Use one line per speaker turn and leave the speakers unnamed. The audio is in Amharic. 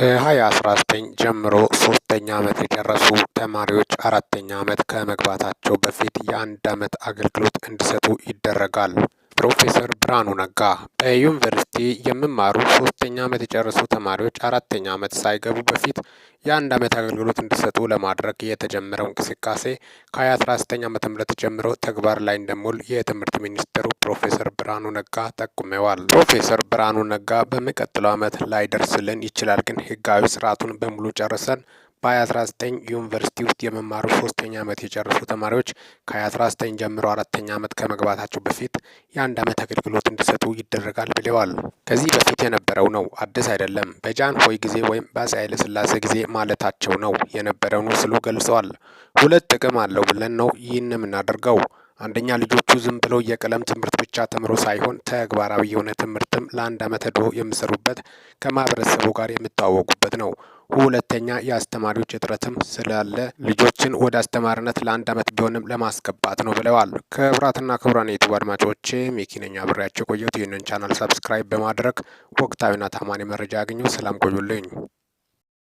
ከ2019 ጀምሮ ሶስተኛ ዓመት የደረሱ ተማሪዎች አራተኛ ዓመት ከመግባታቸው በፊት የአንድ ዓመት አገልግሎት እንዲሰጡ ይደረጋል። ፕሮፌሰር ብርሃኑ ነጋ በዩኒቨርሲቲ የምማሩ ሶስተኛ ዓመት የጨረሱ ተማሪዎች አራተኛ ዓመት ሳይገቡ በፊት የአንድ ዓመት አገልግሎት እንዲሰጡ ለማድረግ የተጀመረው እንቅስቃሴ ከ2019 ዓ.ም ጀምሮ ተግባር ላይ እንደሞል የትምህርት ሚኒስትሩ ፕሮፌሰር ብርሃኑ ነጋ ጠቁመዋል። ፕሮፌሰር ብርሃኑ ነጋ በሚቀጥለው ዓመት ላይደርስልን ይችላል፣ ግን ህጋዊ ስርዓቱን በሙሉ ጨርሰን በ2019 ዩኒቨርሲቲ ውስጥ የመማሩ ሶስተኛ ዓመት የጨረሱ ተማሪዎች ከ2019 ጀምሮ አራተኛ ዓመት ከመግባታቸው በፊት የአንድ ዓመት አገልግሎት እንዲሰጡ ይደረጋል ብለዋል። ከዚህ በፊት የነበረው ነው፣ አዲስ አይደለም። በጃን ሆይ ጊዜ ወይም በአጼ ኃይለ ሥላሴ ጊዜ ማለታቸው ነው የነበረውን ስሉ ገልጸዋል። ሁለት ጥቅም አለው ብለን ነው ይህን የምናደርገው። አንደኛ ልጆቹ ዝም ብለው የቀለም ትምህርት ብቻ ተምሮ ሳይሆን ተግባራዊ የሆነ ትምህርትም ለአንድ ዓመት ዶ የሚሰሩበት ከማህበረሰቡ ጋር የሚተዋወቁበት ነው። ሁለተኛ የአስተማሪዎች እጥረትም ስላለ ልጆችን ወደ አስተማሪነት ለአንድ ዓመት ቢሆንም ለማስገባት ነው ብለዋል። ክቡራትና ክቡራን የዩቱብ አድማጮች ሚኪ ብሬያቸው ቆየት። ይህንን ቻናል ሰብስክራይብ በማድረግ ወቅታዊና ታማኒ መረጃ ያገኙ። ሰላም ቆዩልኝ።